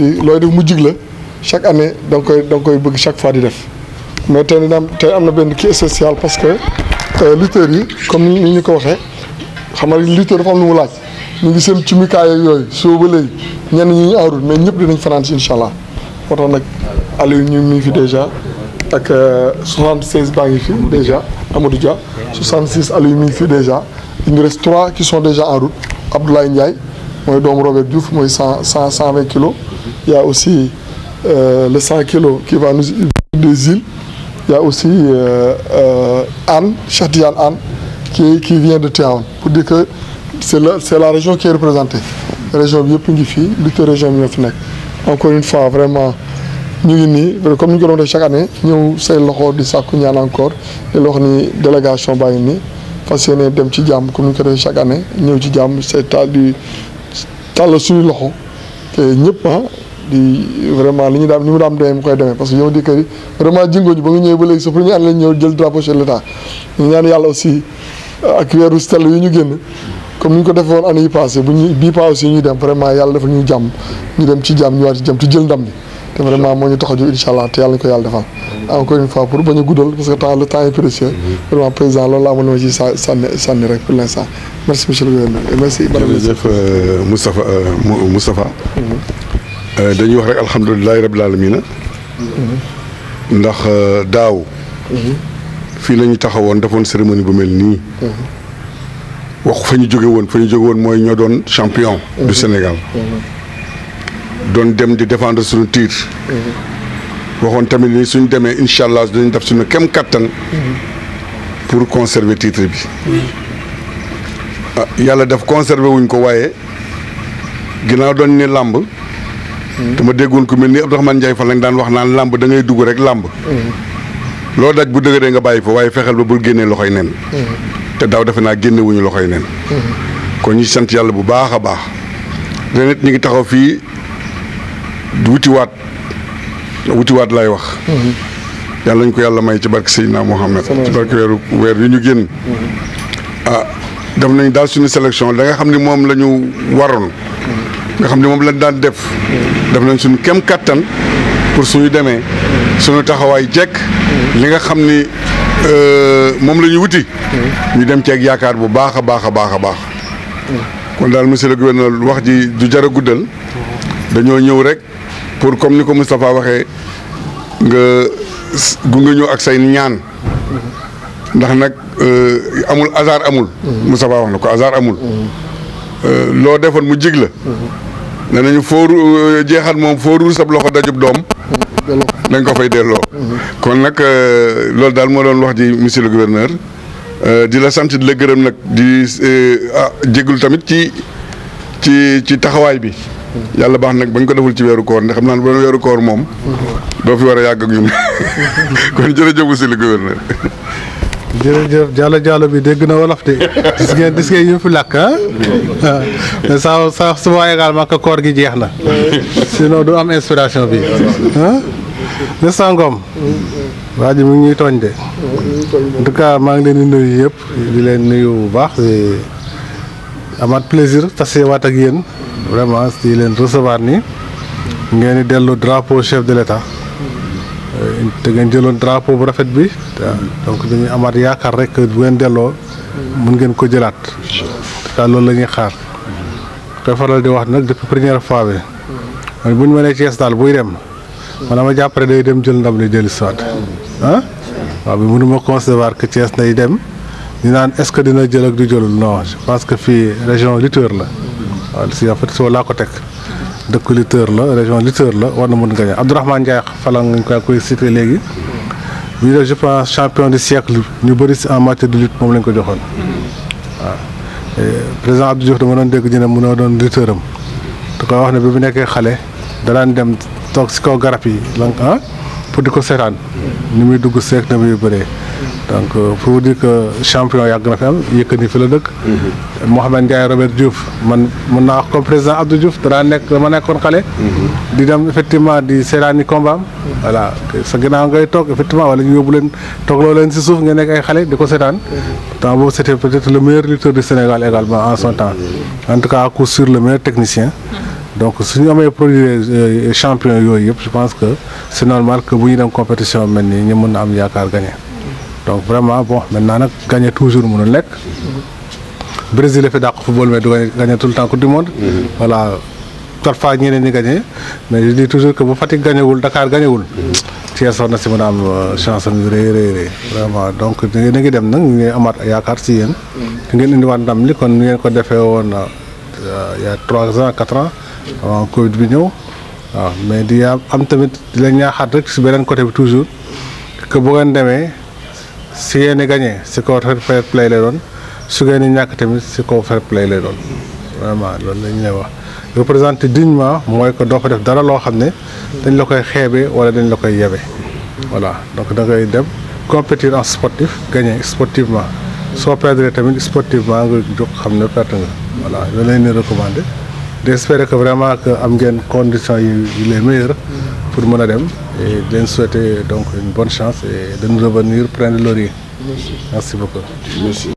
di looy def mu jig la chaque année da nga koy da koy bëgg chaque fois di def mais tey dina am tey am na benn kii spécial parce que euh, lutteurs yi comme ni ñu ko waxee xam nga lutteur dafa am lu mu laaj ñu ngi seen cimikaay ak yooyu soo ba léegi ñu en route mais ñëpp dinañ fanaan si incha allah moo tax nag Aliou ñu ngi fi dèjà ak 76 euh, baa ngi fi dèjà Amadou Dia 66 Aliou mi ngi fi dèjà il nous reste 3 qui sont déjà en route Abdoulaye Ndiaye. mooy doomu Robert Diouf mooy cent cent cent vingt kilos. y' a aussi euh, le cent kilos qui va nous des îles. y' aussi euh, euh, Anne Cheikh Tidiane Anne qui qui vient de Tivaouane pour dire que c' est la c' est la région qui est représentée. région bi yëpp ngi fii lutte région bi ñoo fi nekk. encore une fois vraiment ñu ngi nii comme ni ñu ko doon def chaque année ñëw say loxo di sàkku ñaan encore di la wax ni délégation baa ngi nii fas yéene dem ci jàmm comme ni ñu ko defee chaque année ñëw ci jàmm c'est-à-dire tàllal suñu loxo te ñëpp ah di vraiment li ñu daan ni mu daan doyee mu koy demee parce que yow di kër vraiment jingooñu ba nga ñëwee ba léegi sa première année lañ ñëw jël drapeau chef de ñu ñaan yàlla aussi euh, ak weeru sell yi ñu génn comme ni ñu ko defee woon année yi passé bu ñu bii pas dem vraiment yàlla dafa ñuy jàmm ñu dem ci jàmm ñu war ci jàmm te jël ndam li te vraiment moo ñu tax a jóg incha allah te yàlla ñu ko yàlla defal. encore une fois pour bañ a guddal parce que temps le temps est précieux. vraiment président loolu laa amoon na ma ci sànni sànni rek pour l' instant merci euh, euh, mhm. euh, dañuy wax rek alhamdulilah rabil aalamiina. Mhm. ndax daaw. Mhm. fii lañuy ñu taxawoon defoon cérémonie bu mel nii. wax fa ñu jóge woon fa ñu jóge woon mooy ñoo doon champion. du Sénégal. doon dem di défendre suñu tiir waxoon tamit ni suñ demee incha allah dañu def suñu kem kàttan pour conserver titre bi ah, yàlla def conserver wuñ ko waaye ginnaaw doon ni làmb dama déggoon ku mel ni Abdourahmane Ndiaye Fall lañ daan wax naan làmb dangay dugg rek làmb loo daj bu dëgëree nga bàyyi fa waaye fexeel ba bul génnee loxoy nen te daaw defe naa génnewuñu loxoy nen kon ñu sant yàlla bu baax a baax ren it ngi taxaw fii du wutiwaat wutiwaat lay wax. Mhm. yàlla nañ ko yàlla may ci barke Seydina Mohamed. ci barke weeru weer yu ñu génn. Mhm. ah def nañ daal suñu sélection da nga xam ni moom lañu ñu waroon. nga xam ni moom lañ daan def. Mhm. def nañ suñu kem kàttan pour suñu demee. suñu taxawaay jekk. li nga xam ni euh, moom la ñu wuti. ñu dem ci ak yaakaar bu baax a baax a baax a baax. kon daal monsieur le lu wax ji du jar guddal. dañoo ñëw rek pour comme ni ko Moustapha waxee nga gunge ñëw ak say ñaan ndax nag euh, amul hasard amul. Mm-hmm. Moustapha wax ko hasard amul. Euh, loo defoon mu jig la. Mm-hmm. ne nañu foo euh, jeexal moom foo ruur sab loxo dajub doom. dañ mm-hmm. ko fay delloo. kon nag loolu daal moo doon wax ji monsieur le gouverneur di la sant di la gërëm nag di ah jégalu tamit ci ci ci taxawaay bi. yàlla baax nag ba ñu ko deful ci weeru koor ndax xam naa ne bu doon weeru koor moom. doo fi war a yàgg ak ñun kon jërëjëf monsieur le gouverneur. jërëjëf jàllo jàllo bi dégg na wolof de gis ngeen gis ngeen yu fi làkk ah, ah. saa saa ma également koor gi jeex na sinon du am inspiration bi ah ne sangom waa ji mu ngi tooñ de en maa ngi leen nuyu yëpp di leen nuyu bu baax amaat plaisir tasewaat ak yéen vraiment si leen recevoir ni ngeen di dellu drapeau chef de l'état euh, te ngeen jëloon drapeau bu rafet bi donc dañuy amaat yaakaar rek bu ngeen delloo mun ngeen ko jëlaat te loolu la ñuy xaar koy faral di wax nag depuis première fois bi man bu ñu mënee Cees daal buy dem man ma jàppale day dem jël ndam li dellu si waat ah? waaw bi mënuma concevoir que Cees nay dem ñu naan est-ce que dina jël ak du jëlul non je pense que fii région lutteur la waaw si en fait soo laa ko teg dëkk lutteur la région lutteur la war na mën gagné Abdourahmane Ndiaye falan nga kaa koy cité léegi bii def je pense champion du siècle ñu bëri si en matière de lutte moom lañ ko joxoon waaw président Abdou Diouf dama doon dégg ñu ne mënoo doon lutteur am te koy wax ne bi bu nekkee xale da daan dem toog si kaw garab yi lan ah pour di ko seetaan ni muy dugg seek na muy bëree donc euh, pour dire que champion yàgg na fi am Yékini fi la dëkk. Mhm. Mouhamed Ndiaye Robert Diouf man mun naa wax comme président Abdou Diouf danaa nekk dama nekkoon xale. Mhm. di dem effectivement di seetaani combat am. Mhm. voilà sa ginnaaw ngay toog effectivement wala ñu yóbbu leen toogloo leen si suuf nga nekk ay xale di ko seetaan. temps boobu c' était peut le meilleur lutteur du Sénégal également en son temps en tout cas à coup le meilleur technicien. donc su ñu amee produit euh, yooyu yëpp je pense que c' est normal que bu mel nii ñu mën a am yaakaar gagné. donc vraiment bon naa nag gagné toujours mënul nekk. Brésil la fi dàq football mais du gagné tout le temps coupe du monde. Mhm. voilà parfois ñeneen ñi gagné mais je dis que bu Fatick gagnéwul Dakar gagnéwul. Mhm. Thiès war na si mën a euh, chance vraiment donc da dem nag ñu ngi amaat yaakaar si yéen. Mhm. ngeen indiwaat ndam li kon ni ngeen ko defee woon euh, il y a trois ans bi ñëw. mais di am tamit di la ñaaxaat rek si beneen côté bi toujours que bu ngeen demee. su ngeen di gagné si kaw fair play lay doon su ngeen di ñàkk tamit si kaw fair play lay doon vraiment loolu la wax. représenté dignement mooy que doo ko def dara loo xam ne dañ la koy xeebe wala dañ la koy yebe voilà donc da ngay dem compétir en sportif gagné soo perdre tamit sportivement nga xam ne perte nga voilà loolu la ñuy recommandé d' espérer que vraiment que am ngeen conditions yu les meilleures pour mën a dem et di souhaiter donc une bonne chance et de nous revenir plein lorie lauriers. merci merci beaucoup. merci.